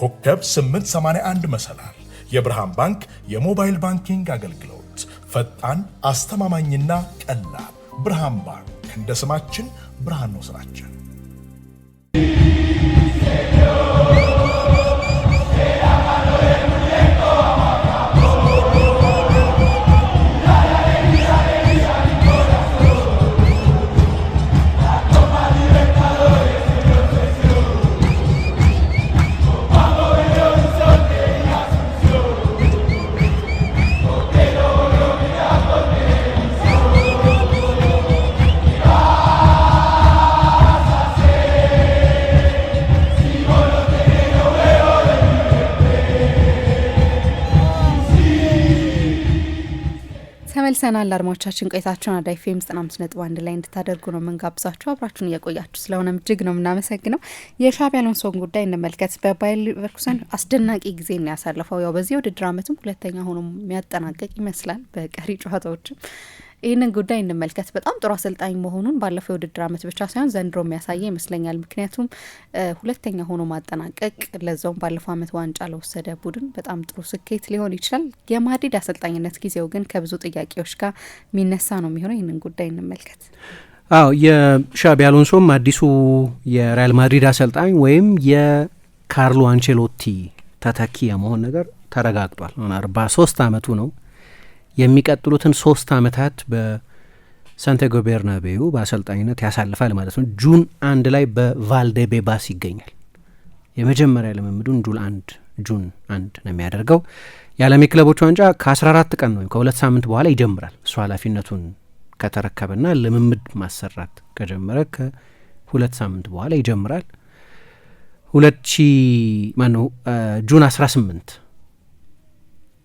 ኮከብ 881 መሰላል የብርሃን ባንክ የሞባይል ባንኪንግ አገልግሎት ፈጣን፣ አስተማማኝና ቀላል። ብርሃን ባንክ እንደ ስማችን ብርሃን ነው ስራችን። ተመልሰናል አድማቻችን ቆይታችሁን አራዳ ኤፍ ኤም ዘጠና አምስት ነጥብ አንድ ላይ እንድታደርጉ ነው የምንጋብዛችሁ። አብራችሁን እየቆያችሁ ስለሆነ እጅግ ነው የምናመሰግነው። የሻቢ አሎንሶን ጉዳይ እንመልከት። በባየር ሊቨርኩሰን አስደናቂ ጊዜ ነው ያሳለፈው። ያው በዚህ ውድድር አመትም ሁለተኛ ሆኖ የሚያጠናቀቅ ይመስላል። በቀሪ ጨዋታዎችም ይህንን ጉዳይ እንመልከት። በጣም ጥሩ አሰልጣኝ መሆኑን ባለፈው የውድድር ዓመት ብቻ ሳይሆን ዘንድሮ የሚያሳየ ይመስለኛል። ምክንያቱም ሁለተኛ ሆኖ ማጠናቀቅ ለዛውም ባለፈው ዓመት ዋንጫ ለወሰደ ቡድን በጣም ጥሩ ስኬት ሊሆን ይችላል። የማድሪድ አሰልጣኝነት ጊዜው ግን ከብዙ ጥያቄዎች ጋር የሚነሳ ነው የሚሆነው። ይህንን ጉዳይ እንመልከት። አዎ የሻቢ አሎንሶም አዲሱ የሪያል ማድሪድ አሰልጣኝ ወይም የካርሎ አንቸሎቲ ተተኪ የመሆን ነገር ተረጋግጧል። አሁን አርባ ሶስት አመቱ ነው። የሚቀጥሉትን ሶስት አመታት በሳንቲያጎ ቤርናቤው በአሰልጣኝነት ያሳልፋል ማለት ነው። ጁን አንድ ላይ በቫልዴቤባስ ይገኛል። የመጀመሪያ ልምምዱን ጁል አንድ ጁን አንድ ነው የሚያደርገው። የዓለም የክለቦች ዋንጫ ከ14 ቀን ወይም ከሁለት ሳምንት በኋላ ይጀምራል። እሱ ኃላፊነቱን ከተረከበና ልምምድ ማሰራት ከጀመረ ከሁለት ሳምንት በኋላ ይጀምራል። ሁለት ሺ ማነው ጁን 18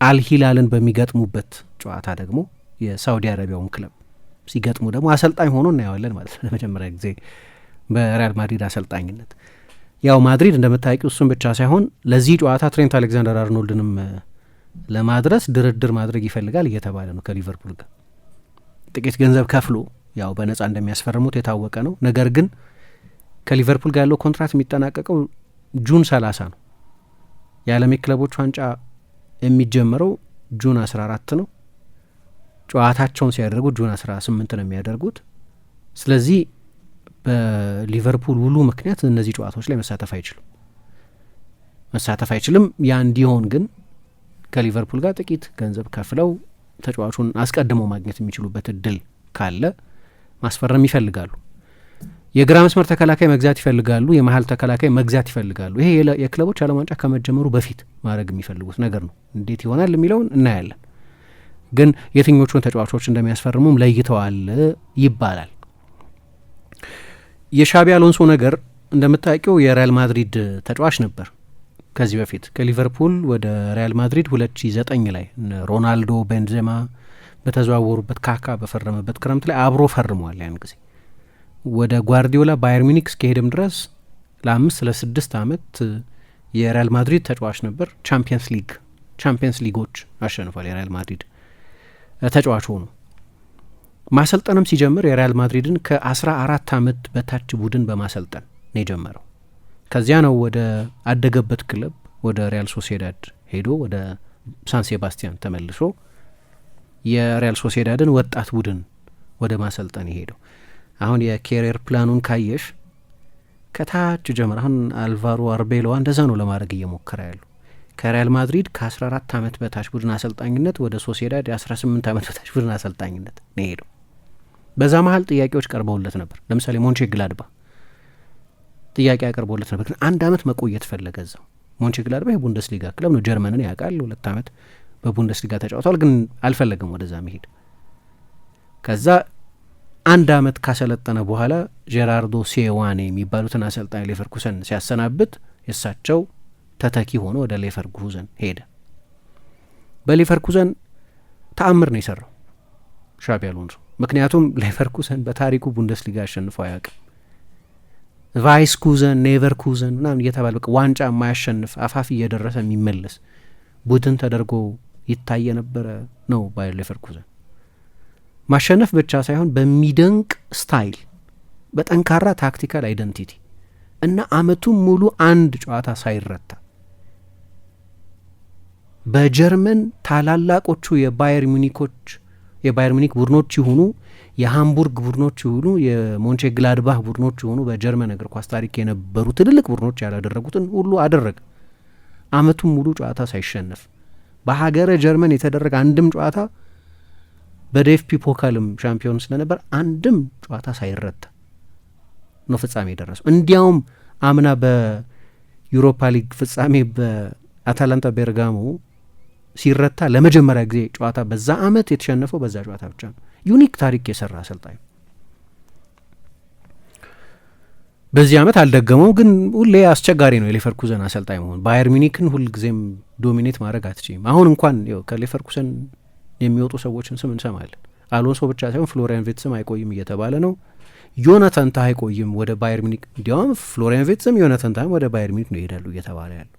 አልሂላልን በሚገጥሙበት ጨዋታ ደግሞ የሳውዲ አረቢያውን ክለብ ሲገጥሙ ደግሞ አሰልጣኝ ሆኖ እናየዋለን ማለት ነው። ለመጀመሪያ ጊዜ በሪያል ማድሪድ አሰልጣኝነት ያው ማድሪድ እንደምታውቂው እሱን ብቻ ሳይሆን ለዚህ ጨዋታ ትሬንት አሌክዛንደር አርኖልድንም ለማድረስ ድርድር ማድረግ ይፈልጋል እየተባለ ነው ከሊቨርፑል ጋር ጥቂት ገንዘብ ከፍሎ ያው በነጻ እንደሚያስፈርሙት የታወቀ ነው። ነገር ግን ከሊቨርፑል ጋር ያለው ኮንትራት የሚጠናቀቀው ጁን 30 ነው። የዓለም ክለቦች ዋንጫ የሚጀምረው ጁን 14 ነው። ጨዋታቸውን ሲያደርጉ ጁን አስራ ስምንት ነው የሚያደርጉት። ስለዚህ በሊቨርፑል ውሉ ምክንያት እነዚህ ጨዋታዎች ላይ መሳተፍ አይችሉም መሳተፍ አይችልም። ያ እንዲሆን ግን ከሊቨርፑል ጋር ጥቂት ገንዘብ ከፍለው ተጫዋቹን አስቀድመው ማግኘት የሚችሉበት እድል ካለ ማስፈረም ይፈልጋሉ። የግራ መስመር ተከላካይ መግዛት ይፈልጋሉ። የመሀል ተከላካይ መግዛት ይፈልጋሉ። ይሄ የክለቦች ዓለም ዋንጫ ከመጀመሩ በፊት ማድረግ የሚፈልጉት ነገር ነው። እንዴት ይሆናል የሚለውን እናያለን። ግን የትኞቹን ተጫዋቾች እንደሚያስፈርሙም ለይተዋል ይባላል። የሻቢ አሎንሶ ነገር እንደምታውቂው የሪያል ማድሪድ ተጫዋች ነበር። ከዚህ በፊት ከሊቨርፑል ወደ ሪያል ማድሪድ 2009 ላይ ሮናልዶ ቤንዜማ በተዘዋወሩበት ካካ በፈረመበት ክረምት ላይ አብሮ ፈርመዋል ያን ጊዜ ወደ ጓርዲዮላ ባየር ሚኒክ እስከሄድም ድረስ ለአምስት ለስድስት ዓመት የሪያል ማድሪድ ተጫዋች ነበር። ቻምፒየንስ ሊግ ቻምፒየንስ ሊጎች አሸንፏል የሪያል ማድሪድ ተጫዋች ሆኑ። ማሰልጠንም ሲጀምር የሪያል ማድሪድን ከአስራ አራት አመት በታች ቡድን በማሰልጠን ነው የጀመረው። ከዚያ ነው ወደ አደገበት ክለብ ወደ ሪያል ሶሴዳድ ሄዶ ወደ ሳን ሴባስቲያን ተመልሶ የሪያል ሶሴዳድን ወጣት ቡድን ወደ ማሰልጠን የሄደው። አሁን የኬሪየር ፕላኑን ካየሽ ከታች ጀምር አሁን አልቫሮ አርቤሎዋ እንደዛ ነው ለማድረግ እየሞከረ ያሉ። ከሪያል ማድሪድ ከ14 ዓመት በታች ቡድን አሰልጣኝነት ወደ ሶሴዳድ የ18 ዓመት በታች ቡድን አሰልጣኝነት ነው የሄደው። በዛ መሀል ጥያቄዎች ቀርበውለት ነበር። ለምሳሌ ሞንቼ ግላድባ ጥያቄ ያቀርበውለት ነበር፣ ግን አንድ ዓመት መቆየት ፈለገ እዛው። ሞንቼ ግላድባ የቡንደስሊጋ ክለብ ነው፣ ጀርመንን ያውቃል። ሁለት ዓመት በቡንደስሊጋ ተጫውተዋል፣ ግን አልፈለገም ወደዛ መሄድ። ከዛ አንድ ዓመት ካሰለጠነ በኋላ ጀራርዶ ሴዋኔ የሚባሉትን አሰልጣኝ ሌቨርኩሰን ሲያሰናብት የእሳቸው ተተኪ ሆኖ ወደ ሌቨርኩዘን ሄደ። በሌቨርኩዘን ተአምር ነው የሰራው ሻቢ አሎንሶ። ምክንያቱም ሌቨርኩዘን በታሪኩ ቡንደስሊጋ አሸንፎ አያውቅም። ቫይስኩዘን፣ ኔቨርኩዘን ምናምን እየተባለ በቃ ዋንጫ የማያሸንፍ አፋፍ እየደረሰ የሚመለስ ቡድን ተደርጎ ይታይ የነበረ ነው ባየር ሌቨርኩዘን። ማሸነፍ ብቻ ሳይሆን በሚደንቅ ስታይል፣ በጠንካራ ታክቲካል አይደንቲቲ እና አመቱን ሙሉ አንድ ጨዋታ ሳይረታ በጀርመን ታላላቆቹ የባየር ሚኒኮች የባየር ሚኒክ ቡድኖች ይሁኑ የሃምቡርግ ቡድኖች ይሁኑ የሞንቼ ግላድባህ ቡድኖች ይሁኑ በጀርመን እግር ኳስ ታሪክ የነበሩ ትልልቅ ቡድኖች ያላደረጉትን ሁሉ አደረገ። አመቱን ሙሉ ጨዋታ ሳይሸነፍ በሀገረ ጀርመን የተደረገ አንድም ጨዋታ በዴፍፒ ፖካልም ሻምፒዮን ስለነበር አንድም ጨዋታ ሳይረታ ነው ፍጻሜ የደረሰው። እንዲያውም አምና በዩሮፓ ሊግ ፍጻሜ በአታላንታ ቤርጋሞ ሲረታ ለመጀመሪያ ጊዜ ጨዋታ በዛ አመት የተሸነፈው በዛ ጨዋታ ብቻ ነው። ዩኒክ ታሪክ የሰራ አሰልጣኝ በዚህ አመት አልደገመው፣ ግን ሁሌ አስቸጋሪ ነው የሌቨርኩዘን አሰልጣኝ መሆን። ባየር ሚኒክን ሁልጊዜም ዶሚኔት ማድረግ አትችም። አሁን እንኳን ው ከሌቨርኩዘን የሚወጡ ሰዎችን ስም እንሰማለን። አሎንሶ ብቻ ሳይሆን ፍሎሪያን ቬትስም አይቆይም እየተባለ ነው። ዮናታን ታህ አይቆይም ወደ ባየር ሚኒክ። እንዲያውም ፍሎሪያን ቬትስም ዮናታን ታህም ወደ ባየር ሚኒክ ነው ይሄዳሉ እየተባለ ያለው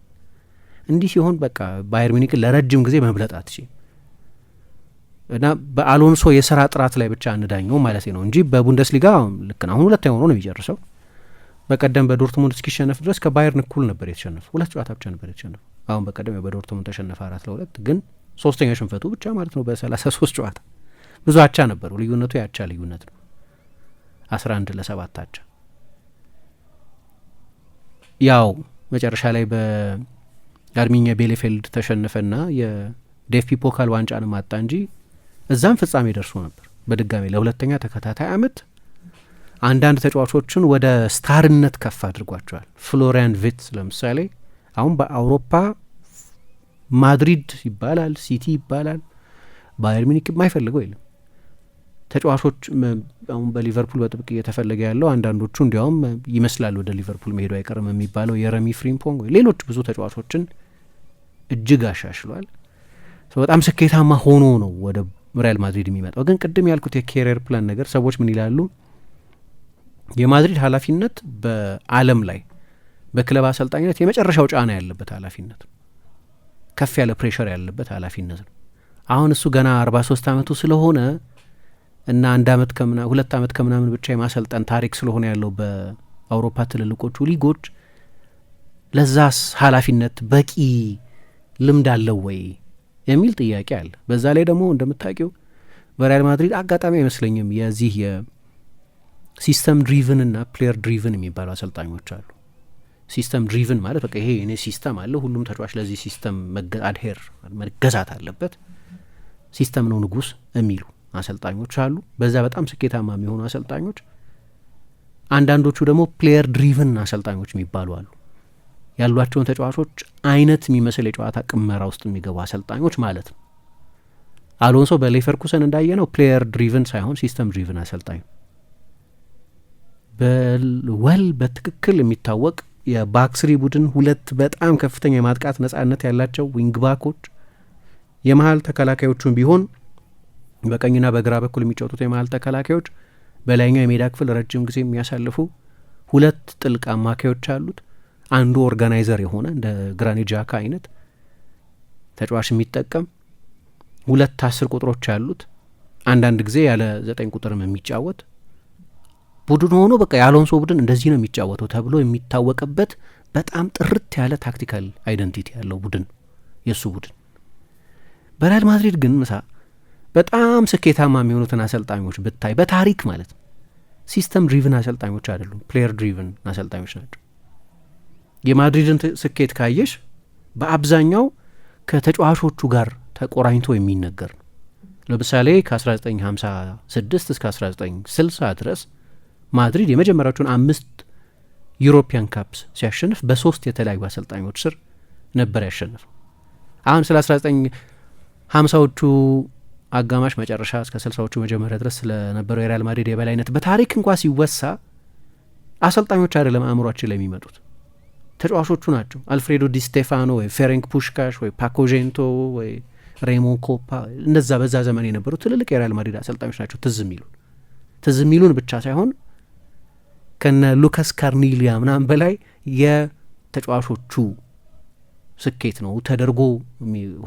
እንዲህ ሲሆን በቃ ባየር ሚኒክ ለረጅም ጊዜ መብለጥ አትችል እና በአሎንሶ የስራ ጥራት ላይ ብቻ እንዳኘው ማለት ነው እንጂ በቡንደስሊጋ ልክ አሁን ሁለተኛ ሆኖ ነው የሚጨርሰው። በቀደም በዶርትሙንድ እስኪሸነፍ ድረስ ከባየርን እኩል ነበር የተሸነፉ፣ ሁለት ጨዋታ ብቻ ነበር የተሸነፉ። አሁን በቀደም በዶርትሙንድ ተሸነፈ አራት ለሁለት ግን ሶስተኛ ሽንፈቱ ብቻ ማለት ነው በሰላሳ ሶስት ጨዋታ ብዙ አቻ ነበሩ። ልዩነቱ የአቻ ልዩነት ነው፣ አስራ አንድ ለሰባት አቻ። ያው መጨረሻ ላይ አርሚኛ ቤሌፌልድ ተሸነፈና የዴፍፒ ፖካል ዋንጫን ማጣ እንጂ እዛም ፍጻሜ ደርሶ ነበር። በድጋሚ ለሁለተኛ ተከታታይ አመት አንዳንድ ተጫዋቾችን ወደ ስታርነት ከፍ አድርጓቸዋል። ፍሎሪያን ቪትስ ለምሳሌ አሁን በአውሮፓ ማድሪድ ይባላል፣ ሲቲ ይባላል፣ ባየር ሚኒክ የማይፈልገው የለም። ተጫዋቾች አሁን በሊቨርፑል በጥብቅ እየተፈለገ ያለው አንዳንዶቹ እንዲያውም ይመስላል ወደ ሊቨርፑል መሄዱ አይቀርም የሚባለው የረሚ ፍሪምፖንግ፣ ሌሎች ብዙ ተጫዋቾችን እጅግ አሻሽሏል። በጣም ስኬታማ ሆኖ ነው ወደ ሪያል ማድሪድ የሚመጣው። ግን ቅድም ያልኩት የኬሪየር ፕላን ነገር ሰዎች ምን ይላሉ? የማድሪድ ኃላፊነት በዓለም ላይ በክለብ አሰልጣኝነት የመጨረሻው ጫና ያለበት ኃላፊነት፣ ከፍ ያለ ፕሬሸር ያለበት ኃላፊነት ነው። አሁን እሱ ገና አርባ ሶስት አመቱ ስለሆነ እና አንድ አመት ከምና ሁለት አመት ከምናምን ብቻ የማሰልጠን ታሪክ ስለሆነ ያለው በአውሮፓ ትልልቆቹ ሊጎች ለዛስ ኃላፊነት በቂ ልምድ አለው ወይ የሚል ጥያቄ አለ። በዛ ላይ ደግሞ እንደምታውቂው በሪያል ማድሪድ አጋጣሚ አይመስለኝም የዚህ የሲስተም ድሪቭን እና ፕሌየር ድሪቭን የሚባሉ አሰልጣኞች አሉ። ሲስተም ድሪቭን ማለት በቃ ይሄ እኔ ሲስተም አለ፣ ሁሉም ተጫዋች ለዚህ ሲስተም አድሄር መገዛት አለበት፣ ሲስተም ነው ንጉስ የሚሉ አሰልጣኞች አሉ። በዛ በጣም ስኬታማ የሚሆኑ አሰልጣኞች፣ አንዳንዶቹ ደግሞ ፕሌየር ድሪቭን አሰልጣኞች የሚባሉ አሉ። ያሏቸውን ተጫዋቾች አይነት የሚመስል የጨዋታ ቅመራ ውስጥ የሚገቡ አሰልጣኞች ማለት ነው። አሎንሶ በሌቨርኩሰን እንዳየነው ፕሌየር ድሪቨን ሳይሆን ሲስተም ድሪቨን አሰልጣኝ በወል በትክክል የሚታወቅ የባክስሪ ቡድን ሁለት በጣም ከፍተኛ የማጥቃት ነጻነት ያላቸው ዊንግ ባኮች፣ የመሀል ተከላካዮቹን ቢሆን በቀኝና በግራ በኩል የሚጫወቱት የመሀል ተከላካዮች በላይኛው የሜዳ ክፍል ረጅም ጊዜ የሚያሳልፉ ሁለት ጥልቅ አማካዮች አሉት። አንዱ ኦርጋናይዘር የሆነ እንደ ግራኒት ጃካ አይነት ተጫዋች የሚጠቀም ሁለት አስር ቁጥሮች ያሉት አንዳንድ ጊዜ ያለ ዘጠኝ ቁጥርም የሚጫወት ቡድን ሆኖ በቃ የአሎንሶ ቡድን እንደዚህ ነው የሚጫወተው ተብሎ የሚታወቅበት በጣም ጥርት ያለ ታክቲካል አይደንቲቲ ያለው ቡድን የእሱ ቡድን። በሪያል ማድሪድ ግን ምሳ በጣም ስኬታማ የሚሆኑትን አሰልጣኞች ብታይ በታሪክ ማለት ነው ሲስተም ድሪቭን አሰልጣኞች አይደሉም፣ ፕሌየር ድሪቭን አሰልጣኞች ናቸው። የማድሪድን ስኬት ካየሽ በአብዛኛው ከተጫዋቾቹ ጋር ተቆራኝቶ የሚነገር ነው። ለምሳሌ ከ1956 እስከ 1960 ድረስ ማድሪድ የመጀመሪያዎቹን አምስት ዩሮፒያን ካፕስ ሲያሸንፍ በሶስት የተለያዩ አሰልጣኞች ስር ነበር ያሸንፍ። አሁን ስለ 1950ዎቹ አጋማሽ መጨረሻ እስከ 6 ዎቹ መጀመሪያ ድረስ ስለነበረው የሪያል ማድሪድ የበላይነት በታሪክ እንኳ ሲወሳ አሰልጣኞች አይደለም አእምሯችን ለሚመጡት የሚመጡት ተጫዋቾቹ ናቸው። አልፍሬዶ ዲስቴፋኖ ወይ ፌሬንክ ፑሽካሽ ወይ ፓኮዤንቶ ወይ ሬሞን ኮፓ እነዛ በዛ ዘመን የነበሩ ትልልቅ የሪያል ማድሪድ አሰልጣኞች ናቸው። ትዝ የሚሉን ትዝ የሚሉን ብቻ ሳይሆን ከነ ሉካስ ካርኒሊያ ምናምን በላይ የተጫዋቾቹ ስኬት ነው ተደርጎ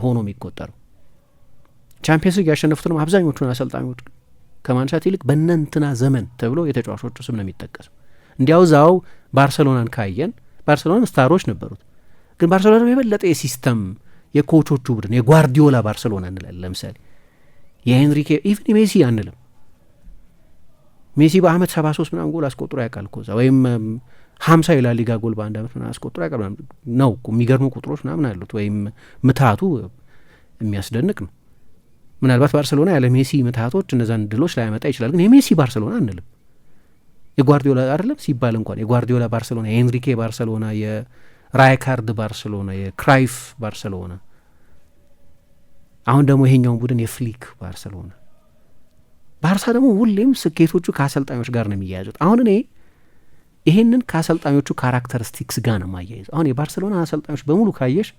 ሆኖ የሚቆጠረው። ቻምፒየንስ ሊግ ነው አብዛኞቹን አሰልጣኞች ከማንሳት ይልቅ በእነንትና ዘመን ተብሎ የተጫዋቾቹ ስም ነው የሚጠቀሰው። እንዲያው ዛው ባርሰሎናን ካየን ባርሴሎና ስታሮች ነበሩት። ግን ባርሴሎና የበለጠ የሲስተም የኮቾቹ ቡድን የጓርዲዮላ ባርሴሎና እንላለን። ለምሳሌ የሄንሪኬ ኢቭን ሜሲ አንልም። ሜሲ በአመት ሰባ ሶስት ምናምን ጎል አስቆጥሮ ያውቃል እኮ እዛ ወይም ሀምሳ የላሊጋ ጎል በአንድ አመት ምናምን አስቆጥሮ ያውቃል ነው የሚገርሙ ቁጥሮች ምናምን አሉት። ወይም ምትሃቱ የሚያስደንቅ ነው። ምናልባት ባርሴሎና ያለ ሜሲ ምትሀቶች እነዛን ድሎች ላያመጣ ይችላል። ግን የሜሲ ባርሴሎና አንልም። የጓርዲዮላ አይደለም ሲባል እንኳን የጓርዲዮላ ባርሴሎና፣ የኤንሪኬ ባርሴሎና፣ የራይካርድ ባርሴሎና፣ የክራይፍ ባርሴሎና አሁን ደግሞ ይሄኛውን ቡድን የፍሊክ ባርሴሎና። ባርሳ ደግሞ ሁሌም ስኬቶቹ ከአሰልጣኞች ጋር ነው የሚያያዙት። አሁን እኔ ይሄንን ከአሰልጣኞቹ ካራክተሪስቲክስ ጋር ነው ማያይዘው። አሁን የባርሴሎና አሰልጣኞች በሙሉ ካየሽ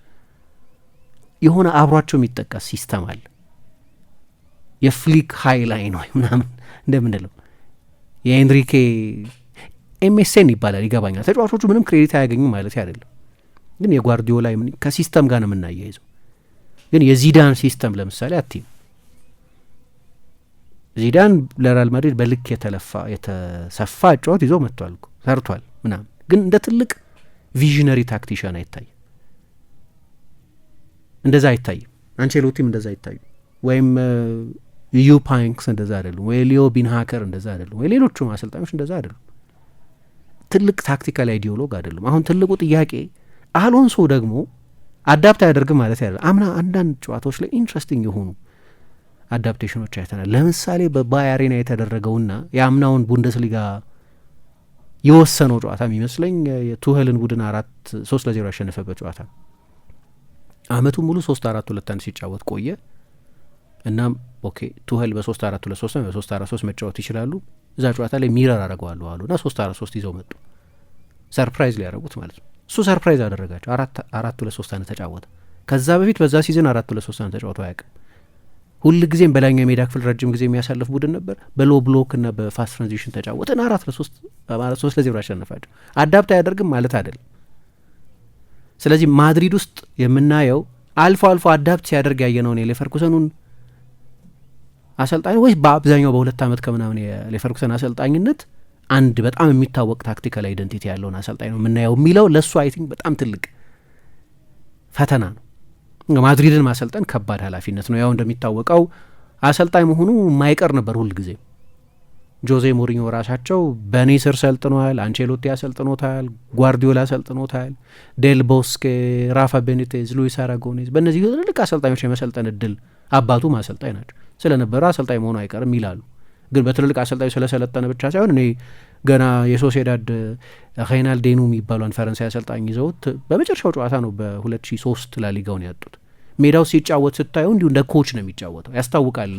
የሆነ አብሯቸው የሚጠቀስ ሲስተም አለ። የፍሊክ ሀይ ላይ ነው ምናምን እንደምንለው የኤንሪኬ ኤምኤስኤን ይባላል ይገባኛል። ተጫዋቾቹ ምንም ክሬዲት አያገኙም ማለት አይደለም፣ ግን የጓርዲዮላ ከሲስተም ጋር ነው የምናያይዘው። ግን የዚዳን ሲስተም ለምሳሌ አቲም ዚዳን ለሪያል ማድሪድ በልክ የተለፋ የተሰፋ ጨዋት ይዞ መጥቷል፣ ሰርቷል ምናምን፣ ግን እንደ ትልቅ ቪዥነሪ ታክቲሽን አይታይም፣ እንደዛ አይታይም። አንቼሎቲም እንደዛ አይታዩ ወይም ዩ ፓንክስ እንደዛ አይደሉም ወይ ሊዮ ቢንሃከር እንደዛ አይደሉም ወይ ሌሎቹ አሰልጣኞች እንደዛ አይደሉም። ትልቅ ታክቲካል አይዲዮሎግ አይደሉም። አሁን ትልቁ ጥያቄ አሎንሶ ደግሞ አዳፕት አያደርግም ማለት ያለ አምና አንዳንድ ጨዋታዎች ላይ ኢንትረስቲንግ የሆኑ አዳፕቴሽኖች አይተናል። ለምሳሌ በባይ አሬና የተደረገውና የአምናውን ቡንደስሊጋ የወሰነው ጨዋታ የሚመስለኝ የቱሄልን ቡድን አራት ሶስት ለዜሮ ያሸነፈበት ጨዋታ አመቱ ሙሉ ሶስት አራት ሁለት አንድ ሲጫወት ቆየ እናም ኦኬ ቱህል በሶስት አራት ሁለት ሶስት በሶስት አራት ሶስት መጫወት ይችላሉ። እዛ ጨዋታ ላይ ሚረር አረገዋሉ አሉ እና ሶስት አራት ሶስት ይዘው መጡ። ሰርፕራይዝ ሊያደረጉት ማለት ነው። እሱ ሰርፕራይዝ አደረጋቸው። አራት አራት ሁለት ሶስት አንድ ተጫወተ። ከዛ በፊት በዛ ሲዝን አራት ሁለት ሶስት አንድ ተጫወተው አያውቅም። ሁል ጊዜም በላይኛው የሜዳ ክፍል ረጅም ጊዜ የሚያሳልፍ ቡድን ነበር። በሎ ብሎክ ና በፋስት ትራንዚሽን ተጫወትን። አራት ለሶስት ማለት ሶስት ለዜሮ አሸነፋቸው። አዳፕት አያደርግም ማለት አይደለም። ስለዚህ ማድሪድ ውስጥ የምናየው አልፎ አልፎ አዳፕት ሲያደርግ ያየነውን የሌቨርኩሰኑን አሰልጣኝ ወይ በአብዛኛው በሁለት ዓመት ከምናምን የሌቨርኩሰን አሰልጣኝነት አንድ በጣም የሚታወቅ ታክቲካል አይደንቲቲ ያለውን አሰልጣኝ ነው የምናየው የሚለው ለእሱ አይ ቲንክ በጣም ትልቅ ፈተና ነው። ማድሪድን ማሰልጠን ከባድ ኃላፊነት ነው። ያው እንደሚታወቀው አሰልጣኝ መሆኑ ማይቀር ነበር ጊዜ ጆዜ ሞሪኞ ራሳቸው በእኔ ስር ሰልጥነዋል፣ አንቼሎቲ አሰልጥኖታል፣ ጓርዲዮላ አሰልጥኖታል፣ ዴል ቦስኬ፣ ራፋ ቤኔቴዝ፣ ሉዊስ አራጎኔዝ በእነዚህ ትልልቅ አሰልጣኞች የመሰልጠን እድል አባቱም አሰልጣኝ ናቸው። ስለነበረ አሰልጣኝ መሆኑ አይቀርም ይላሉ። ግን በትልልቅ አሰልጣኝ ስለሰለጠነ ብቻ ሳይሆን እኔ ገና የሶሴዳድ ሬናል ዴኑ የሚባሏን ፈረንሳይ አሰልጣኝ ይዘውት በመጨረሻው ጨዋታ ነው በ ሶስት ላሊጋውን ያጡት። ሜዳው ሲጫወት ስታየው እንዲሁ እንደ ኮች ነው የሚጫወተው፣ ያስታውቃል።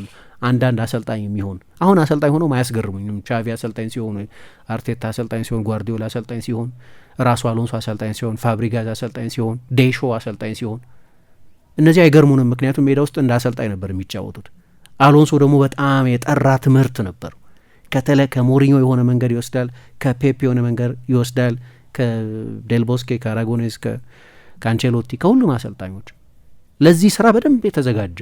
አንዳንድ አሰልጣኝ የሚሆን አሁን አሰልጣኝ ሆኖ አያስገርሙኝም። ቻቪ አሰልጣኝ ሲሆን፣ አርቴታ አሰልጣኝ ሲሆን፣ ጓርዲዮላ አሰልጣኝ ሲሆን፣ ራሱ አሎንሶ አሰልጣኝ ሲሆን፣ ፋብሪጋዝ አሰልጣኝ ሲሆን፣ ዴሾ አሰልጣኝ ሲሆን፣ እነዚህ አይገርሙንም። ምክንያቱም ሜዳ ውስጥ እንደ አሰልጣኝ ነበር የሚጫወቱት። አሎንሶ ደግሞ በጣም የጠራ ትምህርት ነበር። ከተለ ከሞሪኞ የሆነ መንገድ ይወስዳል፣ ከፔፕ የሆነ መንገድ ይወስዳል፣ ከዴልቦስኬ፣ ከአራጎኔስ፣ ከአንቼሎቲ ከሁሉም አሰልጣኞች ለዚህ ስራ በደንብ የተዘጋጀ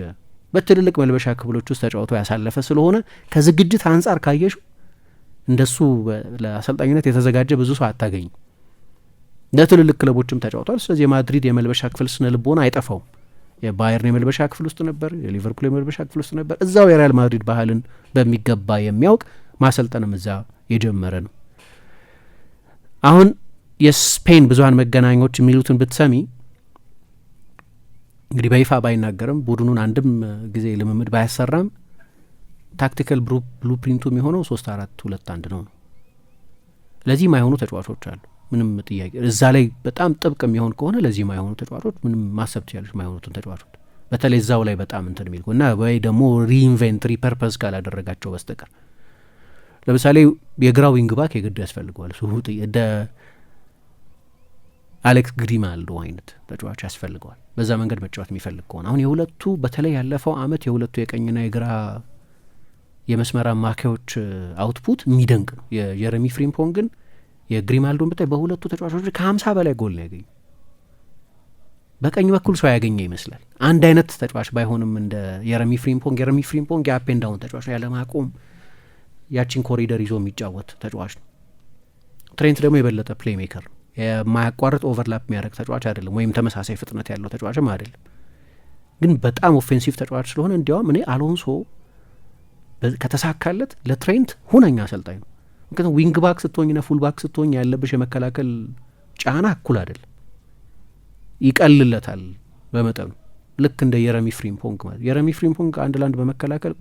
በትልልቅ መልበሻ ክፍሎች ውስጥ ተጫውቶ ያሳለፈ ስለሆነ ከዝግጅት አንጻር ካየሽ እንደሱ ለአሰልጣኝነት የተዘጋጀ ብዙ ሰው አታገኝ። ለትልልቅ ክለቦችም ተጫውቷል። ስለዚህ የማድሪድ የመልበሻ ክፍል ስነ ልቦና አይጠፋውም። የባየርን የመልበሻ ክፍል ውስጥ ነበር፣ የሊቨርፑል የመልበሻ ክፍል ውስጥ ነበር። እዛው የሪያል ማድሪድ ባህልን በሚገባ የሚያውቅ ማሰልጠንም እዛ የጀመረ ነው። አሁን የስፔን ብዙሀን መገናኞች የሚሉትን ብትሰሚ እንግዲህ በይፋ ባይናገርም ቡድኑን አንድም ጊዜ ልምምድ ባያሰራም ታክቲካል ብሉፕሪንቱ የሚሆነው ሶስት አራት ሁለት አንድ ነው። ለዚህ የማይሆኑ ተጫዋቾች አሉ። ምንም ጥያቄ እዛ ላይ በጣም ጥብቅ የሚሆን ከሆነ ለዚህ ማይሆኑ ተጫዋቾች ምንም ማሰብ ትችላለች፣ ማይሆኑትን ተጫዋቾች በተለይ እዛው ላይ በጣም እንትን የሚል እና ወይ ደግሞ ሪኢንቨንት ሪፐርፐዝ ካላደረጋቸው በስተቀር ለምሳሌ የግራው ዊንግ ባክ የግድ ያስፈልገዋል። ሱሁት እንደ አሌክስ ግሪማልዶ አይነት ተጫዋች ያስፈልገዋል። በዛ መንገድ መጫወት የሚፈልግ ከሆነ አሁን የሁለቱ በተለይ ያለፈው አመት የሁለቱ የቀኝና የግራ የመስመር አማካዮች አውትፑት የሚደንቅ ነው። የጀረሚ ግን። የግሪማልዶን ብታይ በሁለቱ ተጫዋቾች ከሀምሳ በላይ ጎል ነው ያገኙ። በቀኝ በኩል ሰው ያገኘ ይመስላል። አንድ አይነት ተጫዋች ባይሆንም እንደ የረሚ ፍሪምፖንግ የረሚ ፍሪምፖንግ የአፔንዳውን ተጫዋች ነው፣ ያለማቆም ያቺን ኮሪደር ይዞ የሚጫወት ተጫዋች ነው። ትሬንት ደግሞ የበለጠ ፕሌይ ሜከር ነው። የማያቋርጥ ኦቨርላፕ የሚያደርግ ተጫዋች አይደለም፣ ወይም ተመሳሳይ ፍጥነት ያለው ተጫዋችም አይደለም። ግን በጣም ኦፌንሲቭ ተጫዋች ስለሆነ እንዲያውም እኔ አሎንሶ ከተሳካለት ለትሬንት ሁነኛ አሰልጣኝ ነው። ምክንያቱም ዊንግ ባክ ስትሆኝና ፉል ባክ ስትሆኝ ያለብሽ የመከላከል ጫና እኩል አይደለም፣ ይቀልለታል በመጠኑ ልክ እንደ የረሚ ፍሪምፖንግ ማለት የረሚ ፍሪምፖንግ አንድ ለአንድ በመከላከል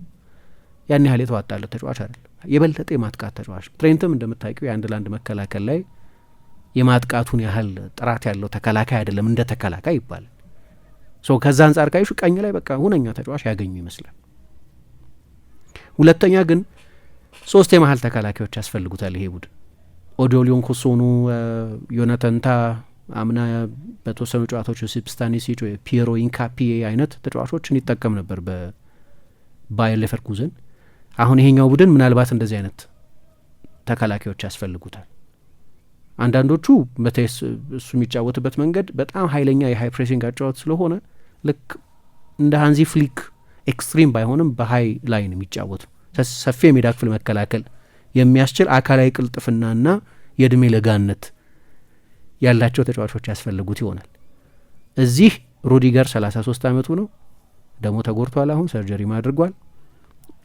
ያን ያህል የተዋጣለት ተጫዋች አይደለም። የበለጠ የማጥቃት ተጫዋች ትሬንትም እንደምታውቂው የአንድ ለአንድ መከላከል ላይ የማጥቃቱን ያህል ጥራት ያለው ተከላካይ አይደለም እንደ ተከላካይ ይባላል። ሶ ከዛ አንጻር ካይሹ ቀኝ ላይ በቃ ሁነኛ ተጫዋች ያገኙ ይመስላል። ሁለተኛ ግን ሶስት የመሀል ተከላካዮች ያስፈልጉታል ይሄ ቡድን። ኦዶሊዮን ኮሶኑ፣ ዮናተንታ አምና በተወሰኑ ጨዋታዎች ዮሴፕ ስታኒሲች፣ ፒየሮ ኢንካፒዬ አይነት ተጫዋቾችን ይጠቀም ነበር በባየር ሌቨርኩዘን። አሁን ይሄኛው ቡድን ምናልባት እንደዚህ አይነት ተከላካዮች ያስፈልጉታል። አንዳንዶቹ በተስ እሱ የሚጫወትበት መንገድ በጣም ኃይለኛ የሀይ ፕሬሲንግ አጫወት ስለሆነ ልክ እንደ ሀንዚ ፍሊክ ኤክስትሪም ባይሆንም በሀይ ላይን የሚጫወት ነው። ሰፊ የሜዳ ክፍል መከላከል የሚያስችል አካላዊ ቅልጥፍናና የእድሜ ለጋነት ያላቸው ተጫዋቾች ያስፈልጉት ይሆናል። እዚህ ሩዲገር 33 ዓመቱ ነው። ደግሞ ተጎድቷል። አሁን ሰርጀሪም አድርጓል።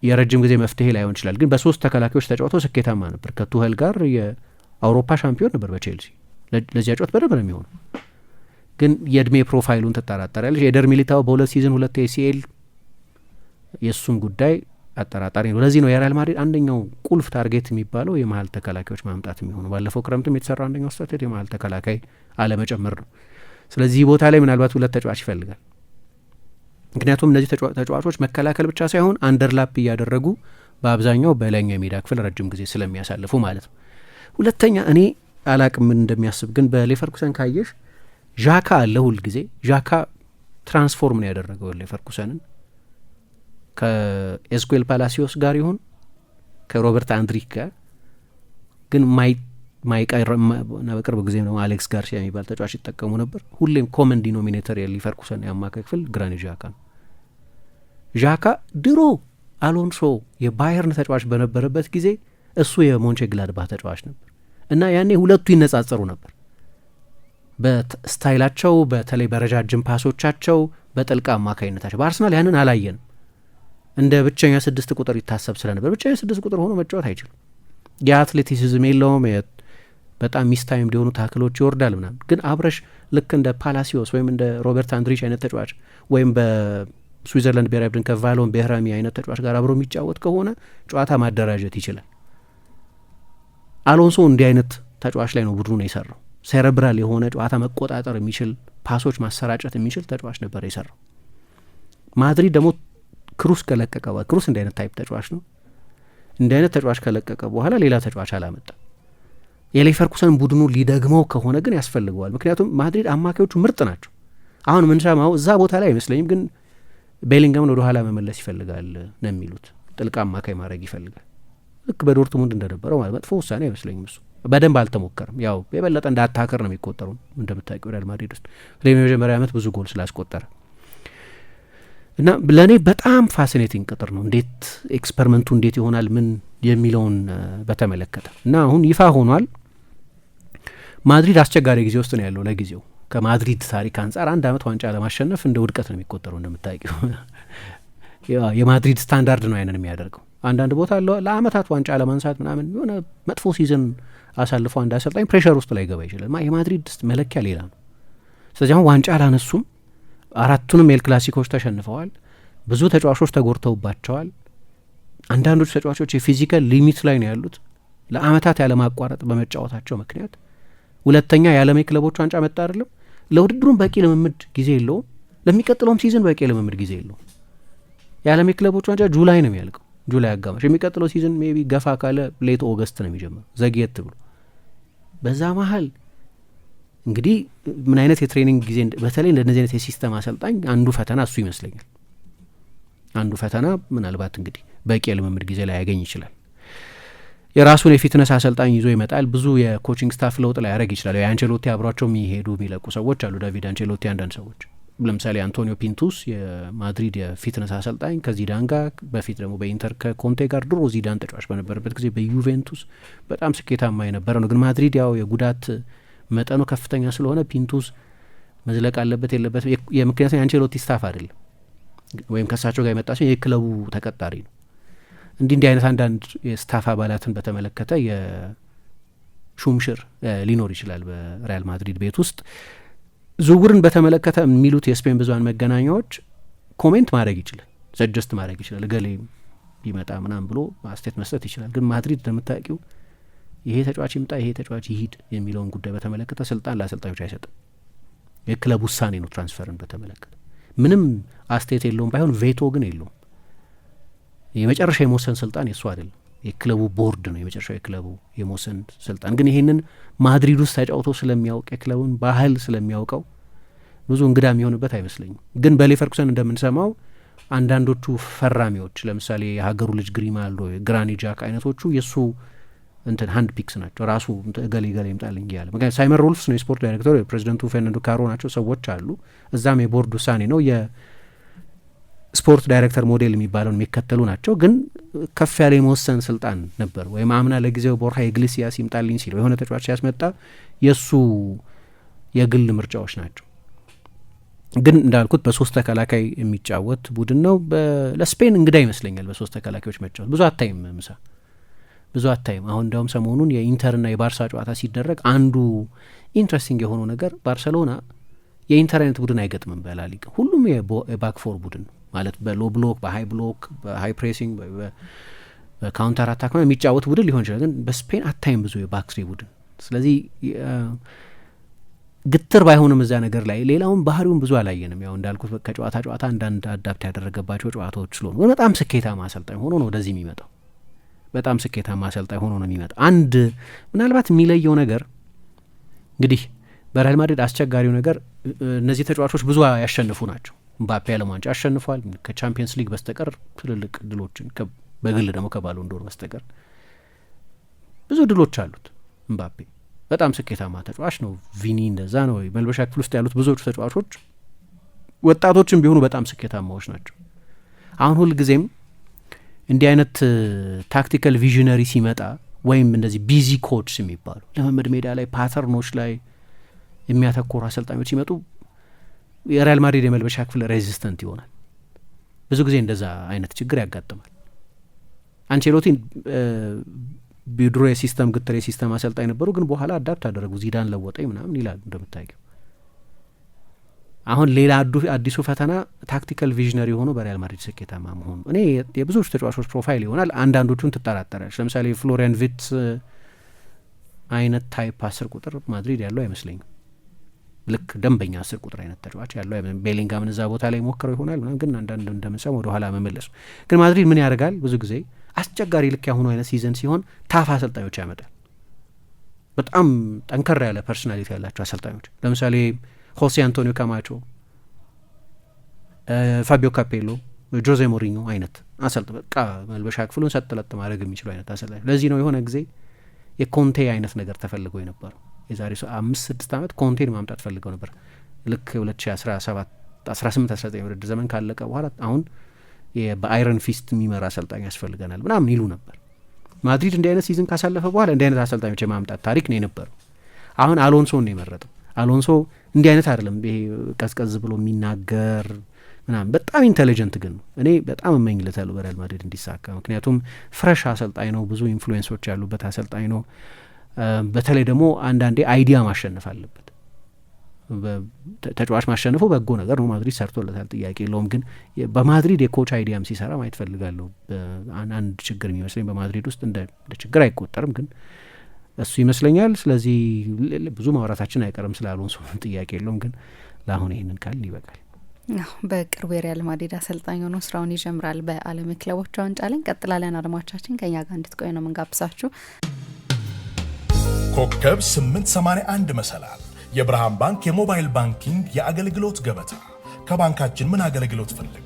የረጅም ጊዜ መፍትሄ ላይሆን ይችላል። ግን በሶስት ተከላካዮች ተጫውቶ ስኬታማ ነበር። ከቱኸል ጋር የአውሮፓ ሻምፒዮን ነበር በቼልሲ። ለዚያ ጨዋታ በደንብ ነው የሚሆነው። ግን የእድሜ ፕሮፋይሉን ትጠራጠሪያለች። የደር ሚሊታው በሁለት ሲዝን ሁለት ኤሲኤል የእሱም ጉዳይ አጠራጣሪ ነው። ለዚህ ነው የሪያል ማድሪድ አንደኛው ቁልፍ ታርጌት የሚባለው የመሀል ተከላካዮች ማምጣት የሚሆኑ ባለፈው ክረምትም የተሰራው አንደኛው ስተት የመሀል ተከላካይ አለመጨመር ነው። ስለዚህ ቦታ ላይ ምናልባት ሁለት ተጫዋች ይፈልጋል። ምክንያቱም እነዚህ ተጫዋቾች መከላከል ብቻ ሳይሆን አንደርላፕ እያደረጉ በአብዛኛው በላይኛው የሜዳ ክፍል ረጅም ጊዜ ስለሚያሳልፉ ማለት ነው። ሁለተኛ እኔ አላቅም ምን እንደሚያስብ ግን በሌቨርኩሰን ካየሽ ዣካ አለ። ሁልጊዜ ዣካ ትራንስፎርም ነው ያደረገው ሌቨርኩሰንን ከኤስኩዌል ፓላሲዮስ ጋር ይሁን ከሮበርት አንድሪክ ጋር ግን በቅርብ ጊዜም ደግሞ አሌክስ ጋርሲያ የሚባል ተጫዋች ይጠቀሙ ነበር። ሁሌም ኮመን ዲኖሚኔተር የሊቨርኩሰን የአማካይ ክፍል ግራኒ ዣካ ነው። ዣካ ድሮ አሎንሶ የባየርን ተጫዋች በነበረበት ጊዜ እሱ የሞንቼ ግላድባህ ተጫዋች ነበር እና ያኔ ሁለቱ ይነጻጸሩ ነበር በስታይላቸው፣ በተለይ በረጃጅም ፓሶቻቸው፣ በጥልቅ አማካኝነታቸው በአርሰናል ያንን አላየንም። እንደ ብቸኛ ስድስት ቁጥር ይታሰብ ስለነበር ብቸኛ ስድስት ቁጥር ሆኖ መጫወት አይችልም። የአትሌቲሲዝም የለውም። በጣም ሚስታይም እንዲሆኑ ታክሎች ይወርዳል ምናምን። ግን አብረሽ ልክ እንደ ፓላሲዮስ ወይም እንደ ሮበርት አንድሪች አይነት ተጫዋች ወይም በስዊዘርላንድ ብሔራዊ ቡድን ከቫሎን ብሔራሚ አይነት ተጫዋች ጋር አብሮ የሚጫወት ከሆነ ጨዋታ ማደራጀት ይችላል። አሎንሶ እንዲህ አይነት ተጫዋች ላይ ነው ቡድኑ ነው የሰራው። ሴረብራል የሆነ ጨዋታ መቆጣጠር የሚችል ፓሶች ማሰራጨት የሚችል ተጫዋች ነበር የሰራው። ማድሪድ ደግሞ ክሩስ ከለቀቀ ክሩስ እንደ አይነት ታይፕ ተጫዋች ነው። እንደ አይነት ተጫዋች ከለቀቀ በኋላ ሌላ ተጫዋች አላመጣም። የሌቨርኩሰን ቡድኑ ሊደግመው ከሆነ ግን ያስፈልገዋል። ምክንያቱም ማድሪድ አማካዮቹ ምርጥ ናቸው። አሁን ምንሰማው እዛ ቦታ ላይ አይመስለኝም፣ ግን ቤሊንጋምን ወደ ኋላ መመለስ ይፈልጋል ነው የሚሉት። ጥልቅ አማካይ ማድረግ ይፈልጋል። ልክ በዶርትሙንድ እንደነበረው ማለት መጥፎ ውሳኔ አይመስለኝም። እሱ በደንብ አልተሞከርም። ያው የበለጠ እንደ አታከር ነው የሚቆጠሩ እንደምታውቂ ሪያል ማድሪድ ውስጥ የመጀመሪያ ዓመት ብዙ ጎል ስላስቆጠረ እና ለእኔ በጣም ፋሲኔቲንግ ቅጥር ነው። እንዴት ኤክስፐሪመንቱ እንዴት ይሆናል ምን የሚለውን በተመለከተ እና አሁን ይፋ ሆኗል። ማድሪድ አስቸጋሪ ጊዜ ውስጥ ነው ያለው። ለጊዜው ከማድሪድ ታሪክ አንጻር አንድ አመት ዋንጫ ለማሸነፍ እንደ ውድቀት ነው የሚቆጠረው። እንደምታውቂው የማድሪድ ስታንዳርድ ነው ያንን የሚያደርገው። አንዳንድ ቦታ አለ ለአመታት ዋንጫ ለማንሳት ምናምን የሆነ መጥፎ ሲዝን አሳልፎ አንድ አሰልጣኝ ፕሬሸር ውስጥ ላይ ገባ ይችላል። የማድሪድ መለኪያ ሌላ ነው። ስለዚህ አሁን ዋንጫ አላነሱም አራቱንም ኤል ክላሲኮች ተሸንፈዋል። ብዙ ተጫዋቾች ተጎድተውባቸዋል። አንዳንዶቹ ተጫዋቾች የፊዚካል ሊሚት ላይ ነው ያሉት ለአመታት ያለማቋረጥ በመጫወታቸው ምክንያት። ሁለተኛ የዓለም ክለቦች ዋንጫ መጣ አይደለም። ለውድድሩም በቂ ልምምድ ጊዜ የለውም። ለሚቀጥለውም ሲዝን በቂ ልምምድ ጊዜ የለውም። የዓለም ክለቦች ዋንጫ ጁላይ ነው የሚያልቀው፣ ጁላይ አጋማሽ። የሚቀጥለው ሲዝን ሜይ ቢ ገፋ ካለ ሌት ኦገስት ነው የሚጀምረው ዘግየት ብሎ በዛ መሀል እንግዲህ ምን አይነት የትሬኒንግ ጊዜ በተለይ እንደነዚህ አይነት የሲስተም አሰልጣኝ አንዱ ፈተና እሱ ይመስለኛል። አንዱ ፈተና ምናልባት እንግዲህ በቂ የልምምድ ጊዜ ላይ ያገኝ ይችላል። የራሱን የፊትነስ አሰልጣኝ ይዞ ይመጣል። ብዙ የኮቺንግ ስታፍ ለውጥ ላይ ያደረግ ይችላል። የአንቸሎቲ አብሯቸው የሚሄዱ የሚለቁ ሰዎች አሉ። ዳቪድ አንቸሎቲ አንዳንድ ሰዎች ለምሳሌ አንቶኒዮ ፒንቱስ የማድሪድ የፊትነስ አሰልጣኝ ከዚዳን ጋር በፊት ደግሞ በኢንተር ከኮንቴ ጋር ድሮ ዚዳን ተጫዋች በነበረበት ጊዜ በዩቬንቱስ በጣም ስኬታማ የነበረ ነው። ግን ማድሪድ ያው የጉዳት መጠኑ ከፍተኛ ስለሆነ ፒንቱስ መዝለቅ አለበት የለበት። ምክንያቱም የአንቸሎቲ ስታፍ አይደለም ወይም ከእሳቸው ጋር የመጣ የክለቡ ተቀጣሪ ነው። እንዲህ እንዲህ አይነት አንዳንድ የስታፍ አባላትን በተመለከተ የሹምሽር ሊኖር ይችላል በሪያል ማድሪድ ቤት ውስጥ። ዝውውርን በተመለከተ የሚሉት የስፔን ብዙሃን መገናኛዎች ኮሜንት ማድረግ ይችላል፣ ሰጀስት ማድረግ ይችላል፣ እገሌ ቢመጣ ምናምን ብሎ አስቴት መስጠት ይችላል። ግን ማድሪድ እንደምታውቂው ይሄ ተጫዋች ይምጣ፣ ይሄ ተጫዋች ይሂድ የሚለውን ጉዳይ በተመለከተ ስልጣን ለአሰልጣኞች አይሰጥም። የክለብ ውሳኔ ነው። ትራንስፈርን በተመለከተ ምንም አስተያየት የለውም፣ ባይሆን ቬቶ ግን የለውም። የመጨረሻ የመወሰን ስልጣን የእሱ አይደለም፣ የክለቡ ቦርድ ነው የመጨረሻው የክለቡ የመወሰን ስልጣን። ግን ይሄንን ማድሪድ ውስጥ ተጫውቶ ስለሚያውቅ የክለቡን ባህል ስለሚያውቀው ብዙ እንግዳ የሚሆንበት አይመስለኝም። ግን በሌቨርኩሰን እንደምንሰማው አንዳንዶቹ ፈራሚዎች ለምሳሌ የሀገሩ ልጅ ግሪማልዶ፣ ግራኒ ጃክ አይነቶቹ የእሱ እንትን ሀንድ ፒክስ ናቸው። ራሱ እገሌ ገሌ ይምጣልኝ እያለ ምክንያቱ ሳይመን ሮልፍስ ነው የስፖርት ዳይሬክተር፣ የፕሬዚደንቱ ፌርናንዶ ካሮ ናቸው። ሰዎች አሉ እዛም የቦርድ ውሳኔ ነው የስፖርት ዳይሬክተር ሞዴል የሚባለውን የሚከተሉ ናቸው። ግን ከፍ ያለ የመወሰን ስልጣን ነበር። ወይም አምና ለጊዜው ቦርሃ ኢግሌሲያስ ይምጣልኝ ሲለው የሆነ ተጫዋች ሲያስመጣ የእሱ የግል ምርጫዎች ናቸው። ግን እንዳልኩት በሶስት ተከላካይ የሚጫወት ቡድን ነው። ለስፔን እንግዳ ይመስለኛል በሶስት ተከላካዮች መጫወት ብዙ አታይም ምሳ ብዙ አታይም። አሁን እንዲያውም ሰሞኑን የኢንተርና የባርሳ ጨዋታ ሲደረግ አንዱ ኢንትረስቲንግ የሆነው ነገር ባርሰሎና የኢንተር አይነት ቡድን አይገጥምም። በላሊግ ሁሉም የባክፎር ቡድን ማለት በሎ ብሎክ፣ በሀይ ብሎክ፣ በሀይ ፕሬሲንግ፣ በካውንተር አታክ የሚጫወት ቡድን ሊሆን ይችላል። ግን በስፔን አታይም ብዙ የባክስሪ ቡድን ስለዚህ ግትር ባይሆንም እዛ ነገር ላይ ሌላውን ባህሪውን ብዙ አላየንም። ያው እንዳልኩት ከጨዋታ ጨዋታ አንዳንድ አዳፕት ያደረገባቸው ጨዋታዎች ስለሆኑ በጣም ስኬታማ አሰልጣኝ ሆኖ ነው ወደዚህ የሚመጣው። በጣም ስኬታማ አሰልጣኝ ሆኖ ነው የሚመጣ። አንድ ምናልባት የሚለየው ነገር እንግዲህ በሪያል ማድሪድ አስቸጋሪው ነገር እነዚህ ተጫዋቾች ብዙ ያሸንፉ ናቸው። ምባፔ ዓለም ዋንጫ አሸንፏል ከቻምፒየንስ ሊግ በስተቀር ትልልቅ ድሎችን በግል ደግሞ ከባሎን ዶር በስተቀር ብዙ ድሎች አሉት። ምባፔ በጣም ስኬታማ ተጫዋች ነው። ቪኒ እንደዛ ነው። መልበሻ ክፍል ውስጥ ያሉት ብዙዎቹ ተጫዋቾች ወጣቶችም ቢሆኑ በጣም ስኬታማዎች ናቸው። አሁን ሁልጊዜም እንዲህ አይነት ታክቲካል ቪዥነሪ ሲመጣ ወይም እንደዚህ ቢዚ ኮድስ የሚባሉ ልምምድ ሜዳ ላይ ፓተርኖች ላይ የሚያተኮሩ አሰልጣኞች ሲመጡ የሪያል ማድሪድ የመልበሻ ክፍል ሬዚስተንት ይሆናል። ብዙ ጊዜ እንደዛ አይነት ችግር ያጋጥማል። አንቸሎቲ ቢድሮ የሲስተም ግትር የሲስተም አሰልጣኝ ነበሩ፣ ግን በኋላ አዳፕት አደረጉ። ዚዳን ለወጠኝ ምናምን ይላል እንደምታውቂው አሁን ሌላ አዲሱ ፈተና ታክቲካል ቪዥነሪ የሆኑ በሪያል ማድሪድ ስኬታማ መሆኑ እኔ የብዙዎች ተጫዋቾች ፕሮፋይል ይሆናል። አንዳንዶቹን ትጠራጠራለች። ለምሳሌ ፍሎሪያን ቪትስ አይነት ታይፕ አስር ቁጥር ማድሪድ ያለው አይመስለኝም። ልክ ደንበኛ አስር ቁጥር አይነት ተጫዋች ያለው ቤሊንጋምን እዛ ቦታ ላይ ሞክረው ይሆናል ምናምን፣ ግን አንዳንድ እንደምንሰማ ወደ ኋላ መመለሱ ግን ማድሪድ ምን ያደርጋል? ብዙ ጊዜ አስቸጋሪ ልክ ያሁኑ አይነት ሲዘን ሲሆን ታፍ አሰልጣኞች ያመጣል። በጣም ጠንከር ያለ ፐርሶናሊቲ ያላቸው አሰልጣኞች ለምሳሌ ሆሴ አንቶኒዮ ካማቾ፣ ፋቢዮ ካፔሎ፣ ጆዜ ሞሪኞ አይነት አሰልጥ በቃ መልበሻ ክፍሉን ሰጥለጥ ማድረግ የሚችሉ አይነት አሰልጣኝ። ለዚህ ነው የሆነ ጊዜ የኮንቴ አይነት ነገር ተፈልጎ የነበረው። የዛሬ አምስት ስድስት ዓመት ኮንቴን ማምጣት ፈልገው ነበር። ልክ ሁለት ሺ አስራ ሰባት አስራ ስምንት አስራ ዘጠኝ ውድድር ዘመን ካለቀ በኋላ አሁን በአይረን ፊስት የሚመራ አሰልጣኝ ያስፈልገናል ምናምን ይሉ ነበር። ማድሪድ እንዲህ አይነት ሲዝን ካሳለፈ በኋላ እንዲህ አይነት አሰልጣኞች የማምጣት ታሪክ ነው የነበረው። አሁን አሎንሶ ነው የመረጠው። አሎንሶ እንዲህ አይነት አይደለም። ይሄ ቀዝቀዝ ብሎ የሚናገር ምናምን በጣም ኢንቴሊጀንት ግን ነው። እኔ በጣም እመኝለታለሁ በሪያል ማድሪድ እንዲሳካ፣ ምክንያቱም ፍረሽ አሰልጣኝ ነው፣ ብዙ ኢንፍሉዌንሶች ያሉበት አሰልጣኝ ነው። በተለይ ደግሞ አንዳንዴ አይዲያ ማሸነፍ አለበት። ተጫዋች ማሸነፉ በጎ ነገር ነው፣ ማድሪድ ሰርቶለታል፣ ጥያቄ የለውም። ግን በማድሪድ የኮች አይዲያም ሲሰራ ማየት ፈልጋለሁ። አንድ ችግር የሚመስለኝ በማድሪድ ውስጥ እንደ ችግር አይቆጠርም ግን እሱ ይመስለኛል። ስለዚህ ብዙ ማውራታችን አይቀርም ስለ አሎንሶ ጥያቄ የለውም። ግን ለአሁን ይህንን ካል ይበቃል። በቅርቡ የሪያል ማድሪድ አሰልጣኝ ሆኖ ስራውን ይጀምራል። በዓለም ክለቦች ዋንጫ ላይ ቀጥላለን አድማቻችን ከኛ ጋር እንድትቆዩ ነው የምንጋብዛችሁ። ኮከብ 881 መሰላል የብርሃን ባንክ የሞባይል ባንኪንግ የአገልግሎት ገበታ። ከባንካችን ምን አገልግሎት ፈልጉ?